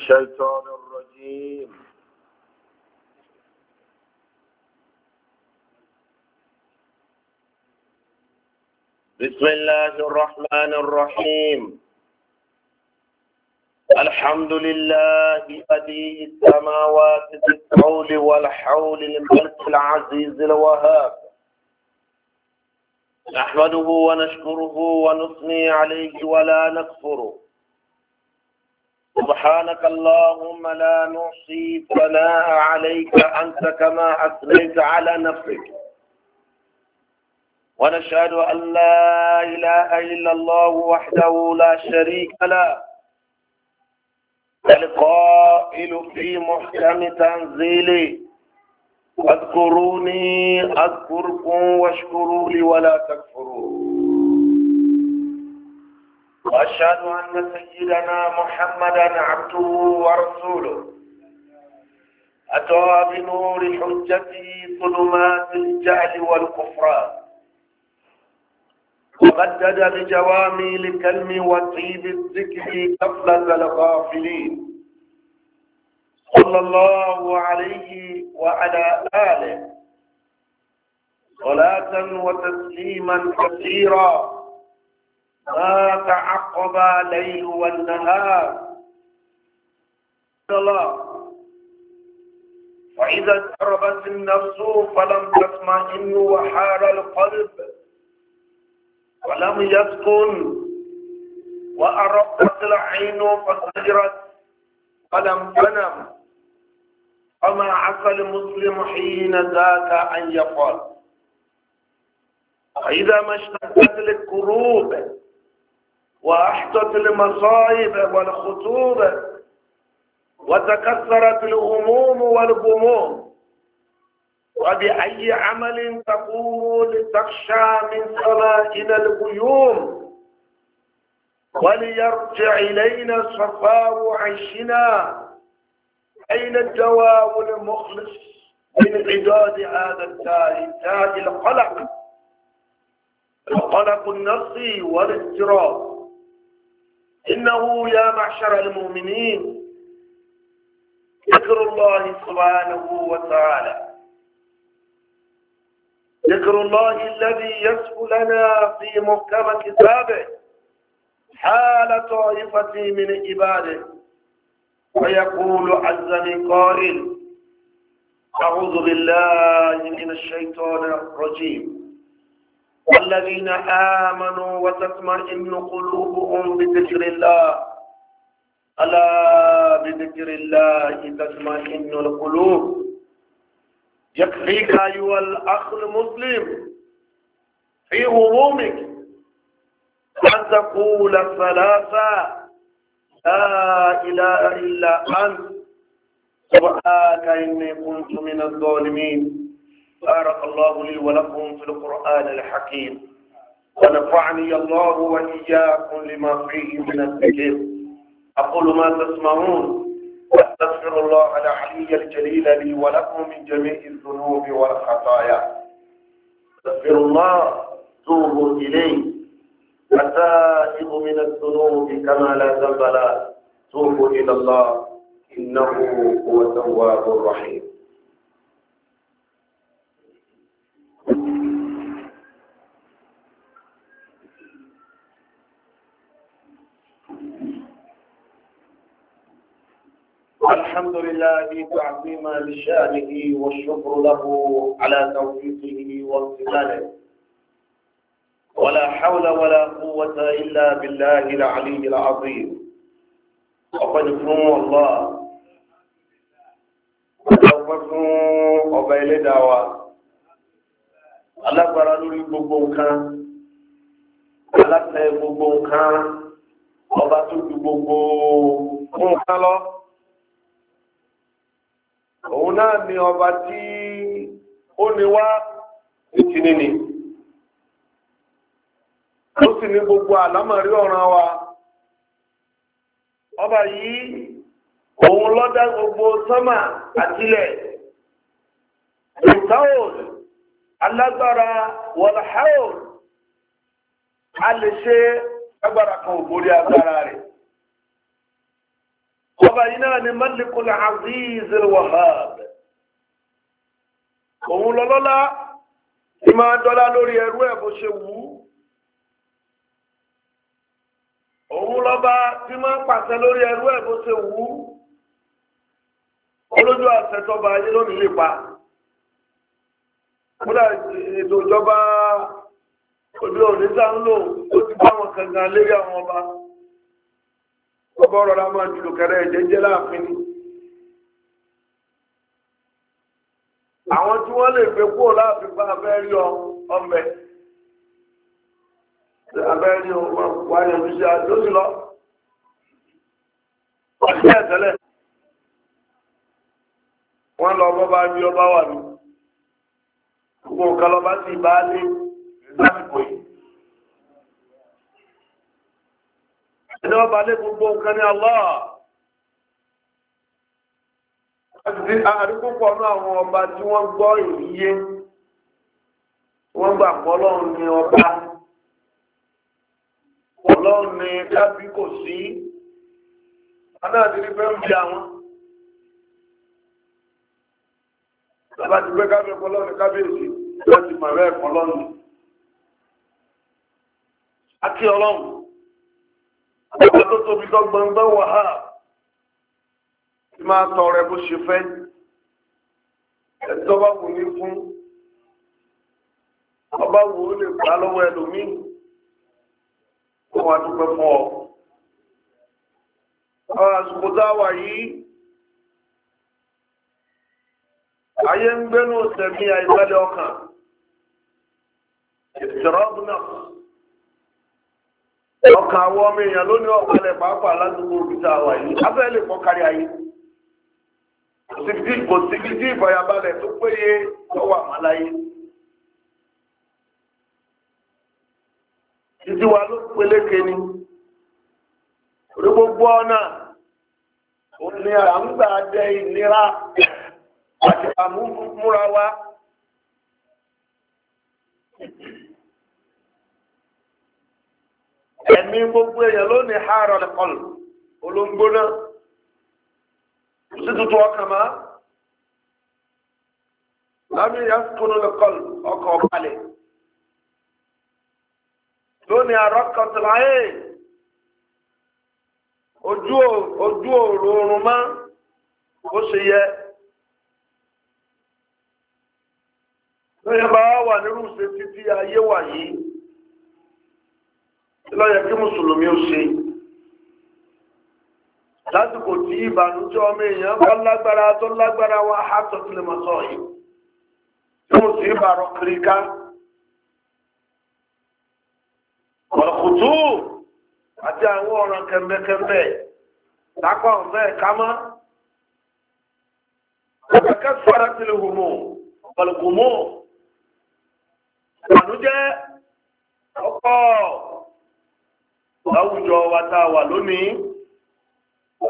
الشيطان الرجيم بسم الله الرحمن الرحيم الحمد لله بديع السماوات بالقول والحول الملك العزيز الوهاب نحمده ونشكره ونثني عليه ولا نكفره سبحانك اللهم لا نحصي ثناء عليك أنت كما أثنيت على نفسك ونشهد أن لا إله إلا الله وحده لا شريك له القائل في محكم تنزيلي اذكروني أذكركم واشكروا لي ولا تكفروا وأشهد أن سيدنا محمدا عبده ورسوله أتى بنور حجته ظلمات الجهل والكفران ومدد بجوامي الكلم وطيب الذكر قبل الغافلين صلى الله عليه وعلى آله صلاة وتسليما كثيرا ما تعقب ليل والنهار الله وإذا اضطربت النفس فلم تطمئن وحار القلب ولم يسكن وأرقت العين فسجرت ولم تنم فما عسى المسلم حين ذاك أن يقال فإذا ما اشتدت الكروب وأحطت المصائب والخطوب وتكثرت الهموم والغموم وبأي عمل تقوم لتخشى من سمائنا الغيوم وليرجع إلينا صفاء عيشنا أين الدواء المخلص من عداد هذا الداء داء القلق القلق النفسي والاضطراب إنه يا معشر المؤمنين ذكر الله سبحانه وتعالى ذكر الله الذي يسهو لنا في محكم كتابه حال طائفة من عباده ويقول عز من قائل أعوذ بالله من الشيطان الرجيم والذين آمنوا وتطمئن قلوبهم بذكر الله ألا بذكر الله تطمئن القلوب يكفيك أيها الأخ المسلم في همومك أن تقول ثلاثة لا إله إلا أنت سبحانك إني كنت من الظالمين بارك الله لي ولكم في القرآن الحكيم ونفعني الله وإياكم لما فيه من الذكر أقول ما تسمعون وأستغفر الله العلي الجليل لي ولكم من جميع الذنوب والخطايا استغفر الله توبوا إليه أتائب من الذنوب كما لا ذنب لا توبوا إلى الله إنه هو التواب الرحيم الحمد لله تعظيما لشانه والشكر له على توفيقه وامتثاله ولا حول ولا قوة إلا بالله العلي العظيم وقد فهم الله ọpẹ́fún ọba ẹlẹ́dàá wa alágbára lórí gbogbo nǹkan aláṣẹ gbogbo nǹkan ọba tó ju gbogbo nǹkan lọ. òun náà ni ọba tí ó ní wá ìtìní ni ó sì ní gbogbo ọ̀ràn wa ọba yìí òun lọ́dá gbogbo sánmà àtilẹ̀ ìtawòl alágbára wọ̀lháwòl a lè ṣe agbára kan ò borí agbára ọba yìí náà ni malikul aziz alwahab òun lọ́lọ́lá ti máa dọ́lá lórí ẹrú ẹ̀ bó ṣe wù ú òun lọ́ba ti máa pàṣẹ lórí ẹrú ẹ̀ bó ṣe wù ú olójú àṣẹ ayé lónìí lè pa kódà ètò ìjọba òbí òní sáà ó ti bá wọn kankan lérí àwọn ọba kọ́ rọra máa dùdù kẹrẹ ẹ̀jẹ̀ jẹ́ láàfin ni. àwọn tí wọ́n lè gbé kúrò láàfin bá abẹ́rí ọmọbẹ abẹ́rí ọmọ wáyé ti ṣe àjọsí lọ. ọ̀sẹ̀ ẹ̀tẹ́lẹ̀ wọ́n lọ bọ́ba bí ọba wà ní gbogbo nǹkan lọ́ba sì bá lé lásìkò yìí. ẹni ọba lé gbogbo nǹkan ní Allah àdúgbò pọ̀ àwọn ọba tí wọ́n gbọ́ ìyíyé wọ́n gbà pọ̀ ní ọba pọ̀ ní kò sí anáàdínní fẹ́ ń bí àwọn. Bàbá ti gbé kábíyè kábíyèsí ọba tó tóbi tó gbọngbọn wà á tí máa tọrẹ bó ṣe fẹ́ ẹ̀tọ́ bá wù ní fún ọba wù ó lè gbà lọ́wọ́ ẹlòmíì kó wàá dúpẹ́ fún ọ. àwọn àsìkò tá a wà yìí ayé ń gbénú sẹ̀mí àìsálẹ̀ ọkàn ìtìrọ́bù náà. ọkà àwọn ọmọ èèyàn lónìí ọ̀pẹlẹ̀ pàápàá ládùúgbò òbítà wà yìí abẹ́ lè fọ́ kárí ayé kò tí ìfàyàbalẹ̀ tó péye tó wà má láyé. títí wa ló peléke ni orí gbogbo ọ̀nà òní àmúgbà jẹ ìnira àti àmúmúra wa. ẹ̀mí gbogbo èèyàn ló ní hàrọ̀ lẹ́kọ̀lù olóńgbóná sí tuntun ọkàn máa lábí yaskunu lẹ́kọ̀lù ọkọ̀ lónìí arọ ní àrọ́kọ̀tìláyé ojú òòrùn oorun máa ó ṣe yẹ. lóyún bá wà nírú ṣe títí ayé wà yìí. lọ́yẹ̀ kí mùsùlùmí ó ṣe lásìkò tí ìbànújẹ́ ọmọ èèyàn bá lágbára tó lágbára wá hátọ́ tí lè máa sọ yìí tí mo sì bàrọ̀ kiri ká ọ̀rọ̀kùtù àti àwọn ọ̀ràn kẹ̀mbẹ̀kẹ̀mbẹ̀ lápá ọ̀fẹ́ kámá ọ̀kẹ́kẹ́ tí lè hùmù ọ̀pọ̀lọpọ̀ ìbànújẹ́ ọkọ̀ láwùjọ wa tá a wà lónìí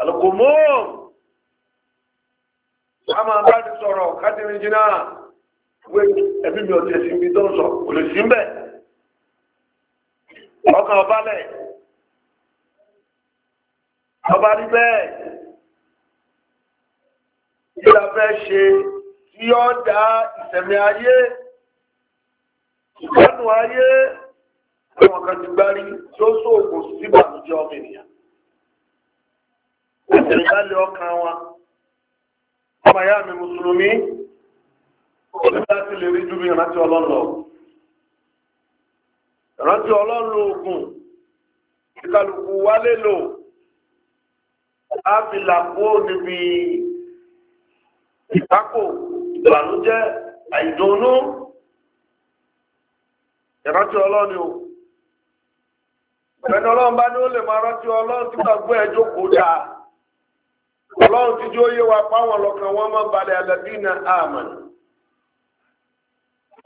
àlùkòmó a máa bá ti sọ̀rọ̀ kátìrì jìnnà wé ẹbí mi ọ̀tí ẹ̀sìn mi tó ń sọ kò lè sí ń bẹ̀ ọkàn ọbalẹ̀ ọba rí bẹ́ẹ̀ kí fẹ́ ṣe tí ó dá ìsẹ̀mí ayé ìgbádùn ayé àwọn kan ti gbárí tó sóògùn síbà tó jẹ́ ọmọ ènìyàn. Ìṣẹ̀lẹ̀ ọkàn wa, ọmọ ìyá mi Mùsùlùmí, olùdá ti lè rí ju bí ìrántí Ọlọ́run lọ. Ìrántí Ọlọ́run lo oògùn, ìkàlùkù wálé lò, á fi làkó níbi ìdákò, ìbànújẹ́, àìdùnnú, ìrántí Ọlọ́run o. ẹni ọlọ́run bá ní ó lè máa rántí ọlọ́run tí gbàgbọ́ ẹjọ́ jókòó dáa ọlọ́run ti jó yé wa páwọn lọ́kàn wọn máa balẹ̀ àlàbí na àmàn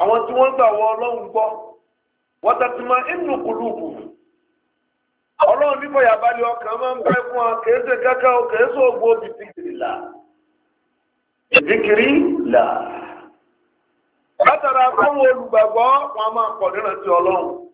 àwọn tí wọ́n gbà wọ ọlọ́run gbọ́ wọ́n tẹ̀sí máa inú kùlùkù ọlọ́run ní fọyàbalẹ̀ ọkàn máa ń bẹ́ fún wa o ògbó bìtìkìrì là bìtìkìrì là látara olùgbàgbọ́ máa pọ̀ nínú ti ọlọ́run.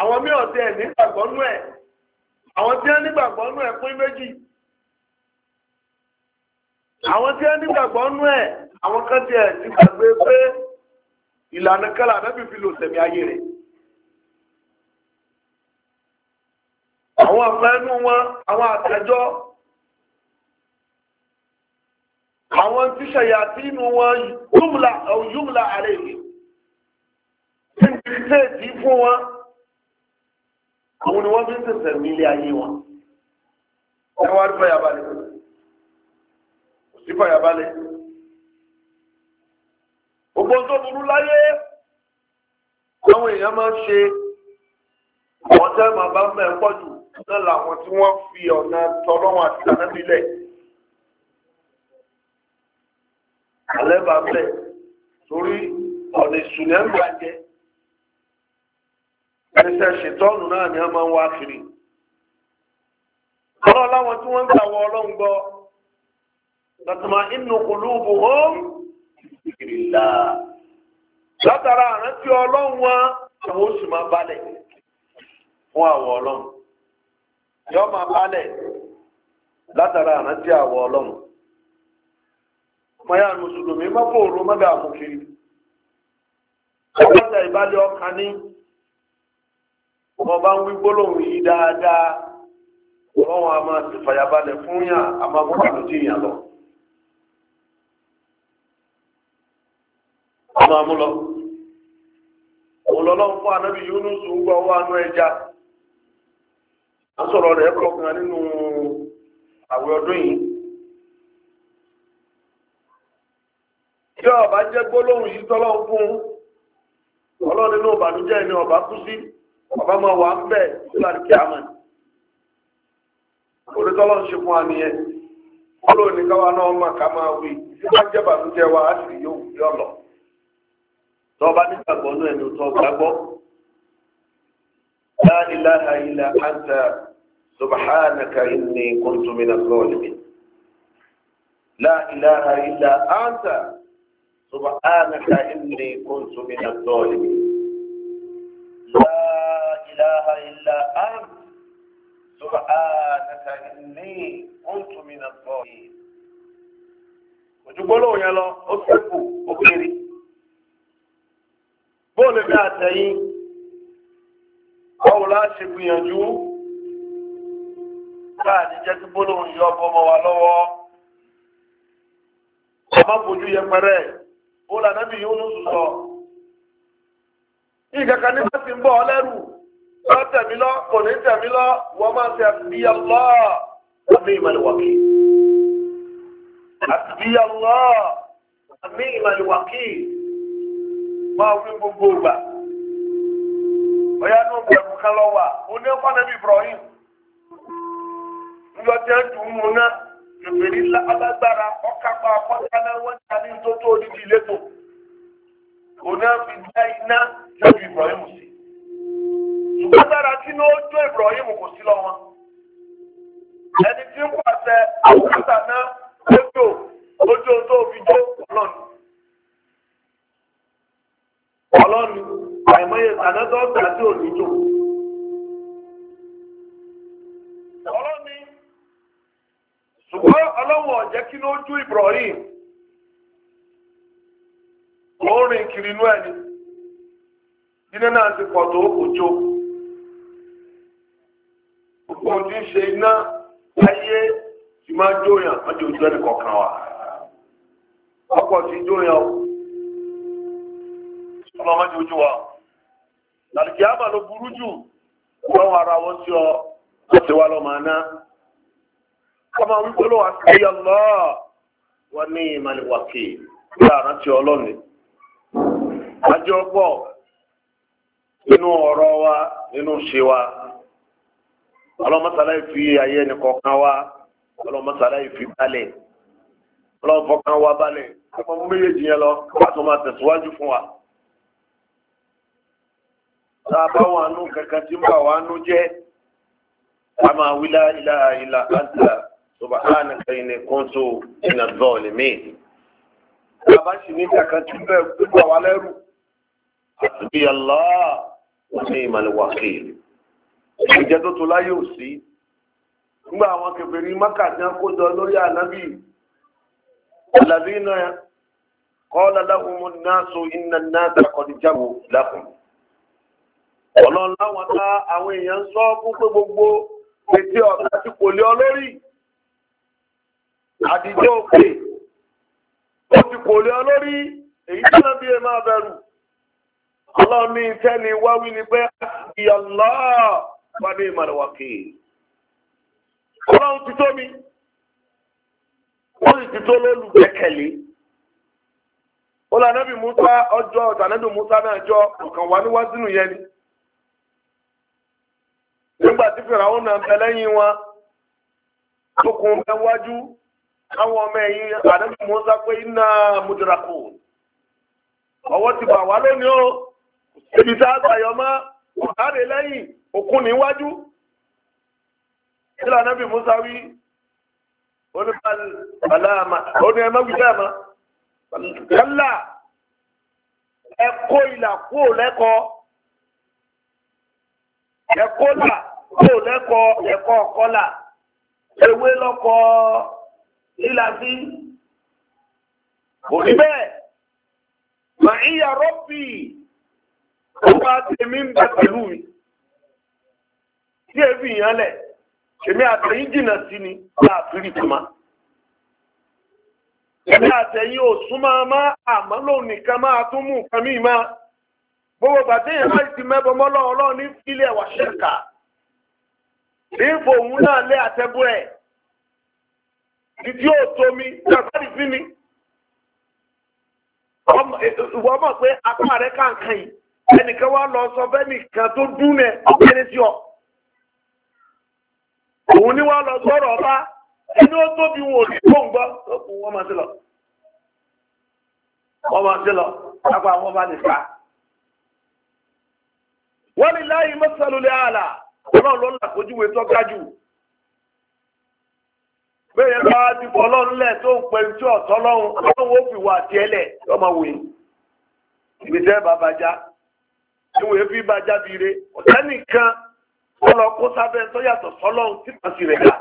àwọn mí ọ̀tẹ̀ nígbàgbọ́ nú ẹ̀ àwọn tí wọ́n nígbàgbọ́ nú ẹ̀ pín méjì àwọn tí wọ́n nígbàgbọ́ nú ẹ̀ àwọn kan tiẹ̀ ti gbàgbé pé ìlànà kan làdábì fi lò sẹ̀mí ayé rẹ̀ àwọn àfẹnú wọn àwọn àtẹjọ́ àwọn tíṣẹ̀yà tí inú wọn yúmùlà àrẹ̀ yìí tí ń àwọn ni wọ́n fi ń sẹ̀sẹ̀ ní ilé ayé wọn. ẹ wá rí fàyàbalẹ̀ kò sí fàyàbalẹ̀. gbogbo tó burú láyé àwọn èèyàn máa ń ṣe àwọn tẹ́ màá bá mẹ́ pọ̀ jù náà làwọn tí wọ́n fi ọ̀nà tọ́lọ́wọ́n àti ìdánábílẹ̀. alẹ́ bá bẹ̀ torí ọ̀nà ìsúnyẹ́ ń gbà ẹsẹ̀ ṣètọ́nù náà ni wọ́n máa ń wá kiri ọlọ́run láwọn tí wọ́n ń gbà wọ ọlọ́run gbọ́ lọ́tọ̀mọ̀ inú kùlùbù hóm ìrìlá látara àrántí ọlọ́run wọn àwọn oṣù máa fún yọ máa látara àrántí mùsùlùmí àmùkiri wọn bá ń wí yìí dáadáa ọlọ́run a máa ṣèfàyàbalẹ̀ fún yàn a máa mú lọ. ọmọ lọ. ọlọ́run fún anábì Yunus ń gbọ́ ọwọ́ anú ẹja a sọ̀rọ̀ rẹ̀ nínú àwẹ̀ ọdún ọba jẹ́ gbólóhùn yìí tọ́lọ́ fún ọlọ́run nínú ọba kú bàbá máa wà ń bẹ̀ sílá ní kíámà olùtọ́lọ́ ń ṣe fún wa nìyẹn olóò ní káwa náà mà ká máa wí tí wọ́n jẹ́ bàtújẹ́ wa á sì yóò fi ọ̀lọ́ tọ́ba nígbàgbọ́ náà ẹni tó gbàgbọ́ la ilaha illa subhanaka inni kuntu minaz zalimin la ilaha illa anta subhanaka inni kuntu minaz zalimin. إله إلا أنت سبحانك إني كنت من الظالمين ojúgbọ́lọ́ yẹn lọ ó sẹ́kù ó kéré bóòlù bí àtẹ̀yìn báwo la ṣe gbìyànjú káà ní jẹ́ kí gbólóhùn ọkọ̀ ọmọ wa lọ́wọ́ ọmọ fojú yẹpẹrẹ ó lànà bí yóò nù sùsọ. ìkàkà nígbà tí ń bọ̀ ọ lẹ́rù wọ́n tẹ̀mí lọ kò ní tẹ̀mí lọ wọ́n máa ṣe àbíyàlọ́ àmì ìmọ̀lẹ̀wàkì àbíyàlọ́ àmì ìmọ̀lẹ̀wàkì máa wí gbogbo ìgbà ọ̀yá ní ọ̀bẹ̀rù kan lọ wà ó ní ọ̀pá nàbí Ibrahim ńlọ tẹ́ dùn mú ná ìpèrí alágbára ọ̀kápá ọ̀kọ́tánná wọ́n ta ní tó tó odidi ìletò òun náà fi dá iná nàbí Ibrahim sí. agbára tí ní ó yìí Ibrahim kò sí lọ́wọ́ ẹni tí ń pàṣẹ àkàtà náà ojú ojú ọlọ́nu ọlọ́nu àìmọye jò ọlọ́ni ṣùgbọ́n ọlọ́wọ̀n ọ̀jẹ́ kí ní ó jó Ibrahim rìn kiri inú ẹni nínú náà ti pọ̀ ojúṣe iná ayé tí máa jóyàn ti ojú jóyàn o ọmọ ojú àmà ló burú jù wọ́n ara wọn sí ọ láti wá lọ́mọ aná ọmọ wípé ló wà sí ọlọ́ ní ìmàlẹ̀wàkì ọlọ́ni àjọ pọ̀ nínú ọ̀rọ̀ wa nínú ṣe wa. ọlọ́mọsálá yìí fi ayé ẹnìkọ̀ọ̀kan wá ọlọ́mọsálá yìí fi balẹ̀ ọlọ́mọfọ̀kan wá balẹ̀ ọmọ méjèèjì yẹn lọ wàá tó máa tẹ̀síwájú fún wa. tá a bá wà nù kankan tí ń bà wà nù jẹ́ a máa wí la ilaha illa anta subhanaka inni kuntu minaz zalimin. tá a bá sì ní kankan tí ń bẹ̀ gbà wá lẹ́rù àti bí Allah wọ́n ní ìmàlẹ̀ wákìlì. ìjẹ́ tó tó láyé ò sí nígbà àwọn kèfèrí Mákà tí jọ lórí ànábì àlàbí náà qala lahumu so inna nnasa qad ja'u lakum ọlọ́run láwọn ta àwọn èèyàn sọ fún pé gbogbo ètí ọ̀gá kò lé òkè ó ti kò lé èyí bí ẹ máa wà ní ìmọ̀ràn wà kéè. ọlọ́run ti tó mi ó sì ti tó lólùgbẹ́kẹ̀lé. ó musa ọjọ́ ọ̀tà musa náà jọ ọ̀kan wà níwájú ni. nígbà tí fìràwọ́n náà bẹ lẹ́yìn wọn tó bẹ wájú ọmọ ẹ̀yìn musa pé iná mudrakun ọwọ́ ti bà wá lónìí o ibi tá a gbà yọ ọ̀tàrẹ lẹ́yìn òkun níwájú sílẹ̀ anábì musa wí oní ẹmẹ́gbẹ́ ẹ̀mọ́ kálá ẹ̀kọ́ ìlà kúò lẹ́kọ́ ẹ̀kọ́ là kúò lẹ́kọ́ ẹ̀kọ́ ọ̀kọ́là ewé lọ́kọ́ lílà sí òní bẹ́ẹ̀ màá yà rọ́bì ọba tèmi ń bẹ pẹ̀lú mi tí èéfì yẹn lẹ̀ èmi àtẹ̀yìn jìnnà sí ni láàfin ìtumá èmi àtẹ̀yìn ò súnmọ́ má àmọ́ lòun nìkan máa tún mú nǹkan mí má gbogbo gbàtẹ́yìn láì ti mẹ́bọ mọ́lọ́ ọlọ́run ní ilé ẹ̀wà ṣẹ̀ka ìfò òun náà lé àtẹ́bú ẹ̀ ìdí òtó mi ṣàkárì sí mi ìwọ mọ̀ pé apá rẹ̀ kàǹkàn yìí. ẹnìkan wá lọ sọ bẹ́ẹ̀ nìkan tó dún nẹ ọ̀gbẹ́ni sí ọ. òun ni wá lọ sọ̀rọ̀ ọba ẹni ó tóbi wọn ò gbọ́ máa lọ. wọ́n ni láyé mọ́sálólé ààlà ìwé fi bá jáde ire ọ̀tẹ́ nìkan wọ́n lọ kó sábẹ́ tó yàtọ̀ sọ́lọ́hún tí màá sì rẹ̀ gà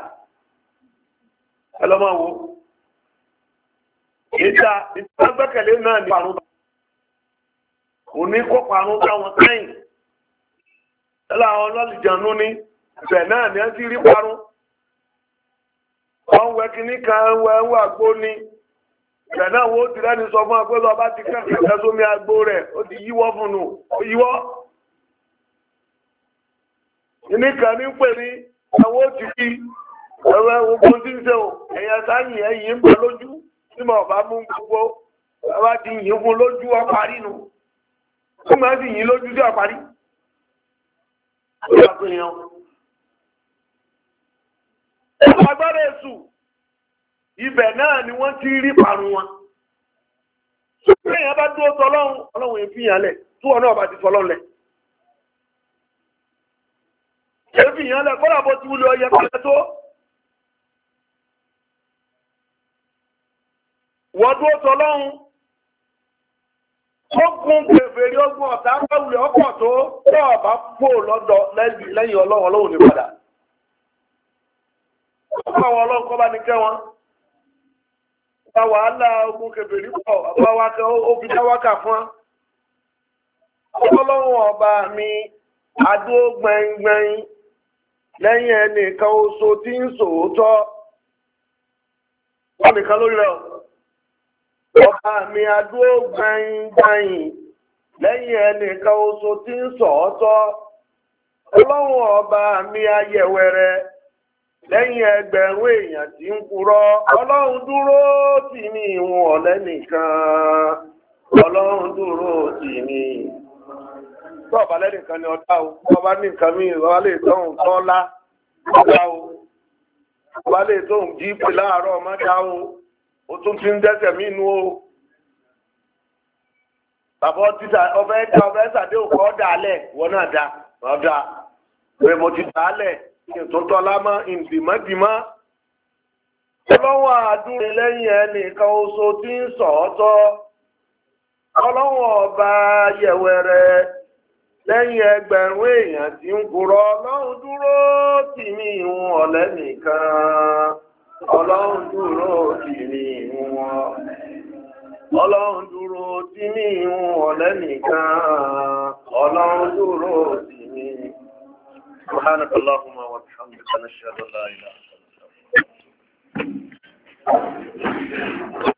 ẹ lọ́ máa wo ìta ìtàgbẹ́kẹ̀lé náà ní parun kò ní kó parun táwọn sẹ́yìn ẹlẹ́ àwọn ọlọ́lìjànú ní ibẹ̀ náà ní ẹ ti rí parun wọ́n wẹ kíní kan wẹ́ wẹ́ àgbó ìrẹ̀nà wo ti rẹ́ni sọ fún agbélọ́ bá ti kẹ́kẹ́ sómi agbó rẹ̀ ó ti yíwọ́ fún nù ó yíwọ́ ìníkan ní pè ní ẹwọ́ ti kí ẹwẹ́ ogun tí ń ṣe ò ẹ̀yẹ sáyìn ẹ̀yìn ń bẹ lójú tí mo bá mú gbogbo ẹwà ti yìn fún lójú ọparí nù tí mo sì yìn lójú sí ọparí ó yà pé o. ẹ̀ka ibẹ̀ náà ni wọ́n ti rí parun wọn. èèyàn bá dúró tọ́lọ́run ọlọ́run èéfì yàn lẹ̀ tó ọ̀nà ọba ti tọ́lọ́run lẹ̀. èéfì yàn lẹ̀ kọ́lá bó ti wúlò ọyẹ pẹ̀lẹ́ tó. wọ́n dúró ogun ogun ọ̀tá pẹ̀lú ọkọ̀ tó tó ọba lọ́dọ̀ lẹ́yìn ọlọ́run ọlọ́run ní padà. ọkọ̀ àwọn ọlọ́run kọ́ ba wàhálà ogun kèbèrè pọ̀ àbáwákà òfin wákà fún ọlọ́run ọba mi adó gbẹngbẹ̀yìn lẹ́yìn ẹnìkan oṣù tí ń sòótọ́ nìkan lórí ọba mi adó gbẹngbẹ̀yìn lẹ́yìn ẹnìkan oṣù tí ń sòótọ́ ọlọ́run ọba mi ayẹ̀wẹ̀rẹ̀. lẹ́yìn ẹgbẹ̀rún èèyàn tí ń kúrọ ọlọ́run dúró tì ní ìwọ̀n ọ̀lẹ́ nìkan ọlọ́run dúró tì ní tó ọba lẹ́nìkan ní o ọba nìkan mi lè tóun tọ́lá ọ̀tá o ọba lè ọmọdé o ó tún ti ń dẹ́sẹ̀ bàbá ọbẹ̀ ọbẹ̀ ìtúntọ́ lámọ́ ìdìmọ́dìmọ́ ọlọ́wọ́ àdúrà lẹ́yìn ẹnìkan oṣù tí ń ọ́tọ́. ọlọ́wọ́ ọba yẹ̀wẹ̀rẹ̀ lẹ́yìn ẹgbẹ̀rún èèyàn tí ń kúrọ ọlọ́run dúró tì mí ìhun ọ̀lẹ́ nìkan ọlọ́run dúró tì mí ìhun ọlọ́run dúró tì mí ìhun ọ̀lẹ́ nìkan ọlọ́run dúró tì mí ìhun. سبحانك اللهم وبحمدك نشهد ان لا اله الا انت